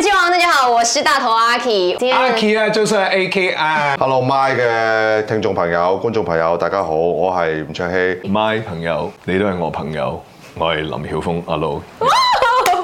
大家好，我是大頭阿 Key。阿 Key 咧，就是 A K。Hello My 嘅聽眾朋友、觀眾朋友，大家好，我係吳卓羲。My 朋友，你都係我朋友， 我係林曉峰。Hello Wow!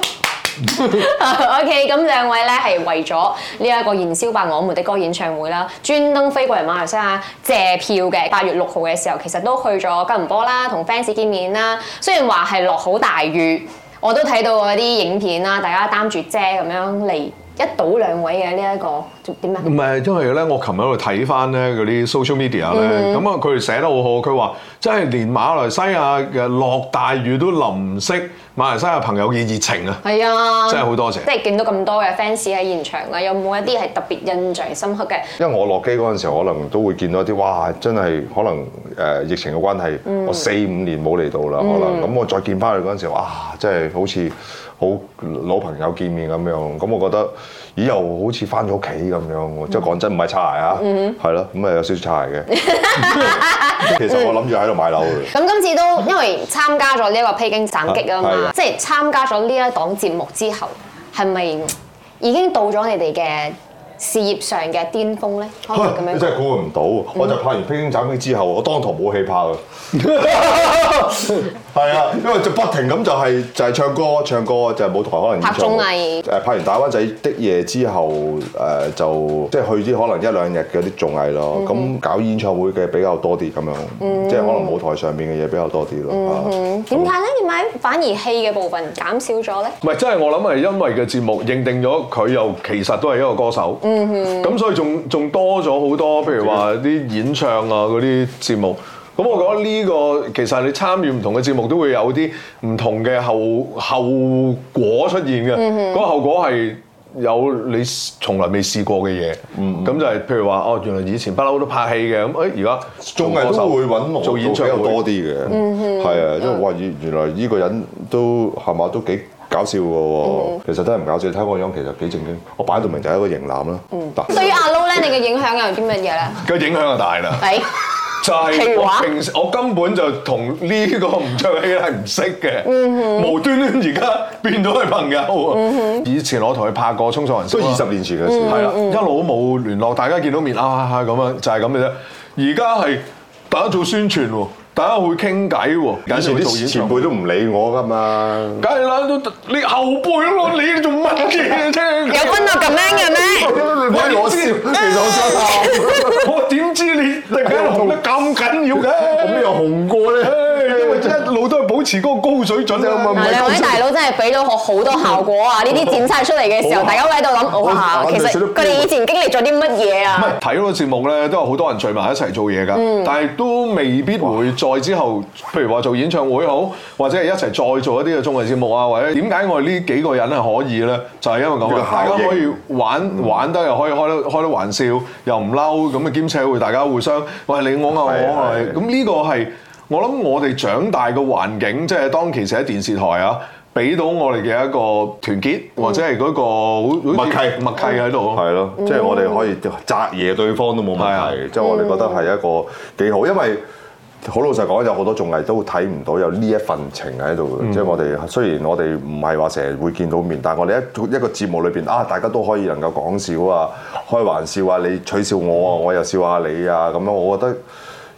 okay。O K，咁兩位咧，係為咗呢一個燃燒吧我們的歌演唱會啦，專登飛過嚟馬來西亞借票嘅。八月六號嘅時候，其實都去咗吉隆坡啦，同 fans 見面啦。雖然話係落好大雨。我都睇到嗰啲影片啦，大家擔住遮咁樣嚟。一睹兩位嘅呢一個點啊？唔係，因為咧，我琴日喺度睇翻咧嗰啲 social media 咧，咁啊，佢哋寫得好好。佢話真係連馬來西亞嘅落大雨都淋唔熄，馬來西亞朋友嘅熱情啊！係啊、mm，hmm. 真係好多謝！即係見到咁多嘅 fans 喺現場啊，有冇一啲係特別印象深刻嘅？因為我落機嗰陣時候，可能都會見到一啲哇，真係可能誒、呃、疫情嘅關係，mm hmm. 我四五年冇嚟到啦，mm hmm. 可能咁我再見翻佢嗰陣時候，哇，真係好似～好老朋友見面咁樣，咁我覺得咦又好似返咗屋企咁樣喎，mm hmm. 即係講真唔係擦鞋，嗯、啊，係咯、mm，咁、hmm. 啊有少少擦鞋嘅。 其實我諗住喺度買樓嘅。咁今 次都因為參加咗呢一個披荊斬棘啊嘛，即係 的參加咗呢一檔節目之後，係咪已經到咗你哋嘅？事業上嘅巔峰咧，咁樣你、啊、真係估唔到，mm hmm. 我就拍完《披荊斬棘》之後，我當堂冇戲拍㗎，係 啊，因為就不停咁就係、是、就係唱歌唱歌，唱歌就係舞台可能拍綜藝誒，拍完《大灣仔的夜》之後誒、呃，就即係去啲可能一兩日嘅啲綜藝咯，咁、mm hmm. 搞演唱會嘅比較多啲咁樣，mm hmm. 即係可能舞台上邊嘅嘢比較多啲咯。點解咧？點、hmm. 解反而戲嘅部分減少咗咧？唔係，即係我諗係因為個節目認定咗佢又其實都係一個歌手。Mm hmm. 咁、嗯、所以仲仲多咗好多，譬如話啲演唱啊嗰啲節目。咁我覺得呢、呢個其實你參與唔同嘅節目都會有啲唔同嘅後後果出現嘅。嗰、嗯、哼個後果係有你從來未試過嘅嘢。咁、嗯嗯、就係譬如話哦，原來以前不嬲都拍戲嘅，咁誒而家綜藝都會揾做演唱又多啲嘅。係啊、嗯哼，因為話，原來呢個人都係嘛都幾～搞笑喎、哦，嗯、其實真係唔搞笑。睇我個樣，其實幾正經。我擺到明就係一個型男啦。嗱、嗯，對但於阿 Low 咧，你嘅影響有啲乜嘢咧？梗影響啊大啦，欸、 就係我平時我根本就同呢個吳卓羲係唔識嘅，嗯、哼無端端而家變咗係朋友。嗯、哼以前我同佢拍過《沖上雲霄》，都二十年前嘅事，係啦，一路都冇聯絡。大家見到面啊咁、啊啊啊就是、樣，啊、就係咁嘅啫。而家係大家做宣傳喎。大家會傾偈喎，有時啲前輩都唔理我㗎嘛，梗係啦，你後輩咯，你做乜嘢啫？有 分到咁叻嘅咩？唔係 我笑， 其實道 我心諗，我點知你突然間紅得咁緊要嘅？有又 紅過呢？似嗰個高水準啊嘛！嗱，兩位大佬真係俾到我好多效果啊！呢啲剪出嚟嘅時候，大家喺度諗下，其實佢哋以前經歷咗啲乜嘢啊？唔係睇嗰個節目咧，都有好多人聚埋一齊做嘢㗎，但係都未必會再之後，譬如話做演唱會好，或者係一齊再做一啲嘅綜藝節目啊，或者點解我哋呢幾個人係可以咧？就係因為咁啊！大家可以玩玩得又可以開得開得玩笑，又唔嬲咁啊，兼且會大家互相喂你我鬧我啊咁呢個係。我諗我哋長大嘅環境，即係當其時喺電視台啊，俾到我哋嘅一個團結，或者係嗰個默契默契喺度。係咯，即係我哋可以砸嘢對方都冇問題。即係我哋覺得係一個幾好，因為好老實講，有好多綜藝都睇唔到有呢一份情喺度。即係我哋雖然我哋唔係話成日會見到面，但係我哋一一個節目裏邊啊，大家都可以能夠講笑啊、開玩笑啊、你取笑我啊，我又笑下你啊，咁樣我覺得。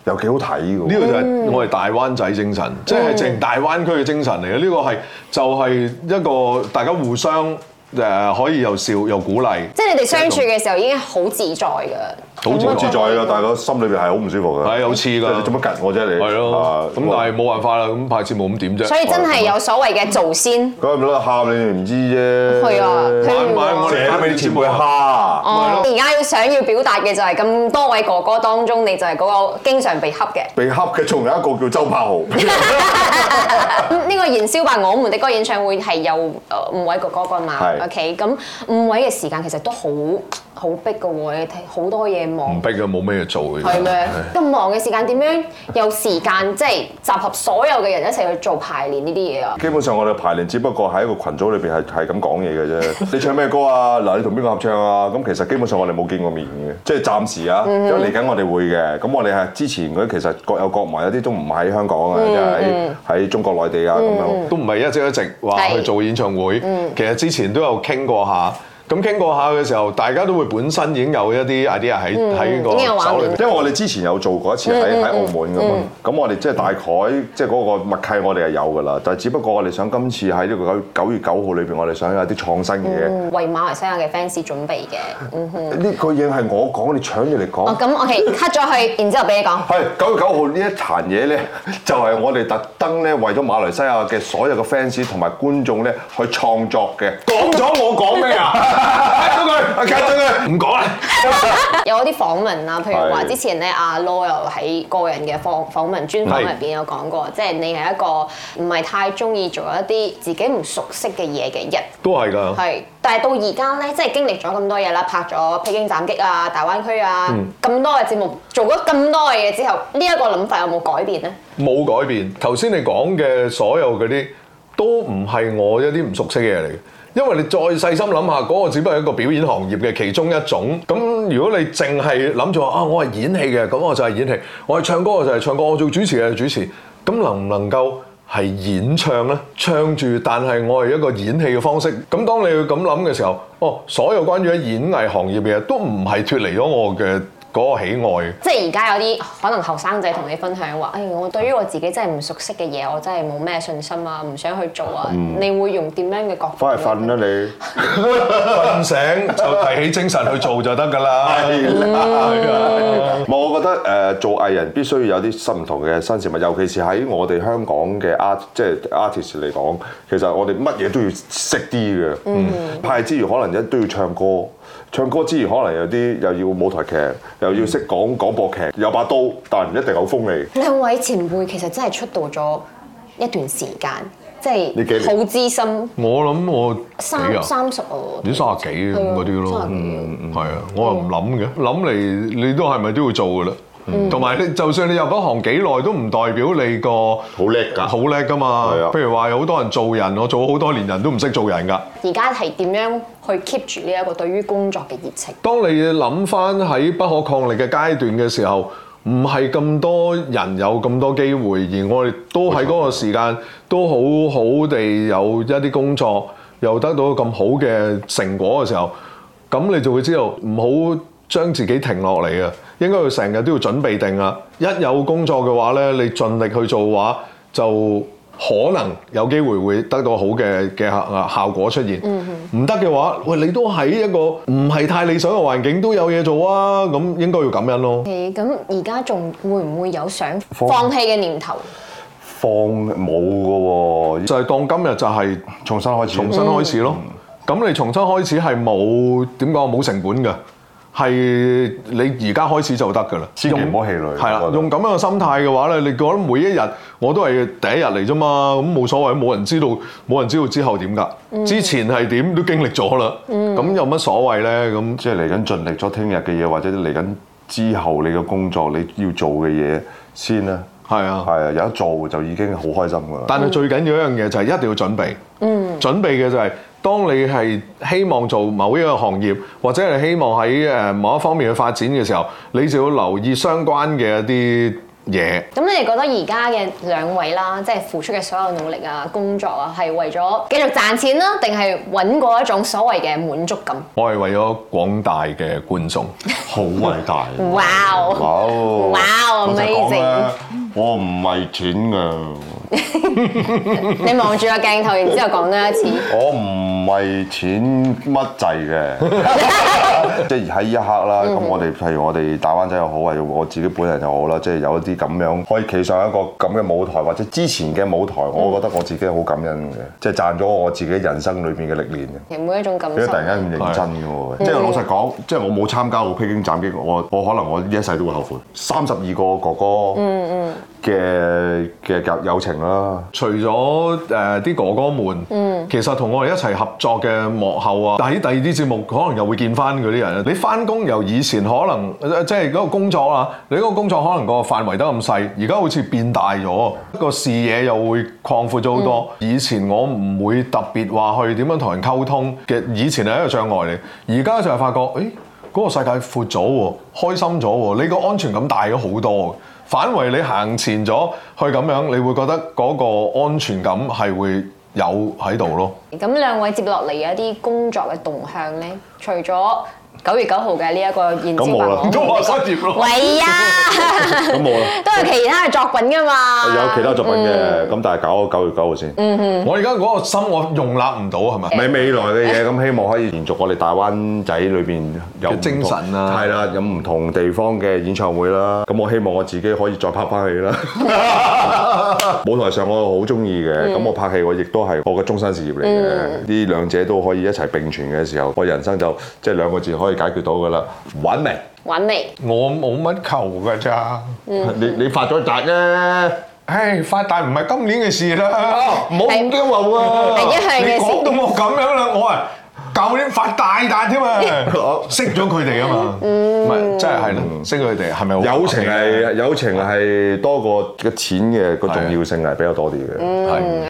又幾好睇㗎，嗯！呢個就係我哋大灣仔精神，即係正大灣區嘅精神嚟嘅。呢、呢個係就係一個大家互相誒可以又笑又鼓勵。即係你哋相處嘅時候已經好自在㗎。好自在㗎，但係個心裏邊係好唔舒服嘅。係有刺㗎，做乜趌我啫你？係咯，咁但係冇辦法啦，咁派次冇咁點啫。所以真係有所謂嘅造先。佢咪喺度喊你唔知啫。係啊，買唔買我哋加俾啲錢俾佢嚇。哦，而家要想要表達嘅就係咁多位哥哥當中，你就係嗰個經常被恰嘅。被恰嘅仲有一個叫周柏豪。咁呢個燃燒吧！我們的歌演唱會係有五位哥哥㗎嘛。係。O K，咁五位嘅時間其實都好好逼㗎喎，你睇好多嘢。唔逼嘅，冇咩做嘅。係咩的？咁的忙嘅時間點樣有時間 即係集合所有嘅人一齊去做排練呢啲嘢啊？基本上我哋排練，只不過喺一個群組裏邊係係咁講嘢嘅啫。 你唱咩歌啊？嗱，你同邊個合唱啊？咁其實基本上我哋冇見過面嘅，即係暫時啊。Mm hmm. 因為嚟緊我哋會嘅，咁我哋係之前嗰啲其實各有各忙，有啲都唔喺香港啊，mm hmm. 即係喺中國內地啊咁、mm hmm. 樣，都唔係一直一直話去做演唱會。Mm hmm. 其實之前都有傾過下。咁傾過下嘅時候，大家都會本身已經有一啲 idea 喺喺呢個手裏邊面，因為我哋之前有做過一次喺喺、嗯、澳門咁，咁、嗯、我哋即係大概即係嗰個默契我哋係有㗎啦，嗯、但係只不過我哋想今次喺呢個九月九號裏邊，9 9裡面我哋想有啲創新嘅嘢、嗯，為馬來西亞嘅 fans 準備嘅。呢個嘢係我講，你搶住嚟講。咁我哋 cut 咗佢，然之後俾你講。係九 月九號呢一壇嘢咧，就係、是、我哋特登咧，為咗馬來西亞嘅所有嘅 fans 同埋觀眾咧，去創作嘅。講咗我講咩啊？ 收佢，阿嘉收佢，唔講啦。有嗰啲訪問啊，譬如話之前咧，阿 Law 又喺個人嘅訪訪問專訪入邊有講過，即係你係一個唔係太中意做一啲自己唔熟悉嘅嘢嘅人，都係㗎。係，但係到而家咧，即係經歷咗咁多嘢啦，拍咗《披荊斬棘》啊，《大灣區》啊，咁多嘅節目，做咗咁多嘅嘢之後，呢一個諗法有冇改變咧？冇改變。頭先你講嘅所有嗰啲，都唔係我一啲唔熟悉嘅嘢嚟嘅。因為你再細心諗下，嗰、那個只不過係一個表演行業嘅其中一種。咁如果你淨係諗住話啊，我係演戲嘅，咁我就係演戲；我係唱歌，我就係唱歌；我做主持就係主持。咁能唔能夠係演唱呢？唱住，但係我係一個演戲嘅方式。咁當你要咁諗嘅時候，哦、啊，所有關於演藝行業嘅都唔係脱離咗我嘅。嗰個喜愛，即係而家有啲可能後生仔同你分享話：哎，我對於我自己真係唔熟悉嘅嘢，我真係冇咩信心啊，唔想去做啊。嗯、你會用點樣嘅角度？翻嚟瞓啦你，瞓 醒就提起精神去做就得㗎啦。 的嗯，的嗯我覺得誒、呃、做藝人必須要有啲新唔同嘅新事物，尤其是喺我哋香港嘅 art 即係 artist 嚟講，其實我哋乜嘢都要識啲嘅。嗯，嗯拍之餘可能亦都要唱歌。唱歌之餘可能有啲又要舞台劇，又要識講廣播劇，有把刀，但係唔一定好鋒利。兩位前輩其實真係出道咗一段時間，即係好資深。我諗我三三十喎，啲三十幾嗰啲咯，係啊，我又唔諗嘅，諗嚟你都係咪都要做㗎啦？同埋你就算你入咗行幾耐都唔代表你個好叻㗎，好叻㗎嘛。譬如話有好多人做人，我做好多年人都唔識做人㗎。而家係點樣？去 keep 住呢一個對於工作嘅熱情。當你諗翻喺不可抗力嘅階段嘅時候，唔係咁多人有咁多機會，而我哋都喺嗰個時間都好好地有一啲工作，又得到咁好嘅成果嘅時候，咁你就會知道唔好將自己停落嚟啊，應該要成日都要準備定啊。一有工作嘅話咧，你盡力去做嘅話，就可能有機會會得到好嘅嘅效果出現。唔得嘅話，喂，你都喺一個唔係太理想嘅環境都有嘢做啊，咁應該要咁樣咯。咁而家仲會唔會有想放棄嘅念頭？放冇㗎喎，就係當今日就係重新開始，重新開始咯。咁你重新開始係冇，點講，冇成本㗎。係你而家開始就用得㗎啦，千祈唔好氣餒。係啦，用咁樣嘅心態嘅話咧，你覺得每一日我都係第一日嚟啫嘛，咁冇所謂，冇人知道，冇人知道之後點㗎？嗯、之前係點都經歷咗啦，咁、嗯、有乜所謂咧？咁即係嚟緊，盡力咗聽日嘅嘢，或者嚟緊之後你嘅工作你要做嘅嘢先啦。係是啊，係啊，有得做就已經好開心㗎啦。嗯、但係最緊要一樣嘢就係一定要準備。嗯，準備嘅就係、是。當你係希望做某一個行業，或者係希望喺誒某一方面去發展嘅時候，你就要留意相關嘅一啲嘢。咁你哋覺得而家嘅兩位啦，即係付出嘅所有努力啊、工作啊，係為咗繼續賺錢啦、啊，定係揾過一種所謂嘅滿足感？我係為咗廣大嘅觀眾，好偉大！Wow！wow 我唔係錢㗎， 你望住個鏡頭，然之後講多一次。我唔係錢乜滯嘅，即係喺呢一刻啦。咁我哋譬如我哋大灣仔又好，或者我自己本人又好啦，即係有一啲咁樣可以企上一個咁嘅舞台，或者之前嘅舞台，我覺得我自己好感恩嘅，即係賺咗我自己人生裏面嘅歷練嘅。而每一種感受，其實突然間咁認真嘅喎的、嗯，即係老實講，即係我冇參加過披荊斬棘，我我可能我呢一世都會後悔。三十二個哥哥，嗯嗯。嘅嘅友情啦，除咗誒啲哥哥們，嗯、其實同我哋一齊合作嘅幕後啊，喺第二啲節目可能又會見返嗰啲人。你返工由以前可能即係嗰個工作啊，你嗰個工作可能個範圍得咁細，而家好似變大咗，個視野又會擴闊咗好多，嗯以。以前我唔會特別話去點樣同人溝通嘅，以前係一個障礙嚟。而家就係發覺，誒、哎、嗰、那個世界闊咗喎，開心咗喎，你個安全感大咗好多。反為你行前咗去咁樣，你會覺得嗰個安全感係會有喺度咯。咁兩位接落嚟嘅一啲工作嘅動向呢，除咗。九月九號嘅呢一個演，咁冇啦，都話失業咯。喂呀，都係其他嘅作品㗎嘛。有其他作品嘅，咁但係搞九月九號先。嗯，我而家嗰個心我容納唔到係咪？咪未來嘅嘢，咁希望可以延續我哋大灣仔裏邊有精神啦。係啦，有唔同地方嘅演唱會啦。咁我希望我自己可以再拍返戲啦。舞台上我好中意嘅，咁我拍戲我亦都係我嘅終身事業嚟嘅。呢兩者都可以一齊並存嘅時候，我人生就即係兩個字可。可以解決到噶啦，玩未？玩未？我冇乜求噶咋，你你發咗達啦！唉，發達唔係今年嘅事啦，唔好驚毛啊！一係你講到我咁樣啦，我啊舊年發大達添嘛？識咗佢哋啊嘛，唔係真係係咯，識佢哋係咪友情係友情係多過個錢嘅個重要性係比較多啲嘅，係。嗯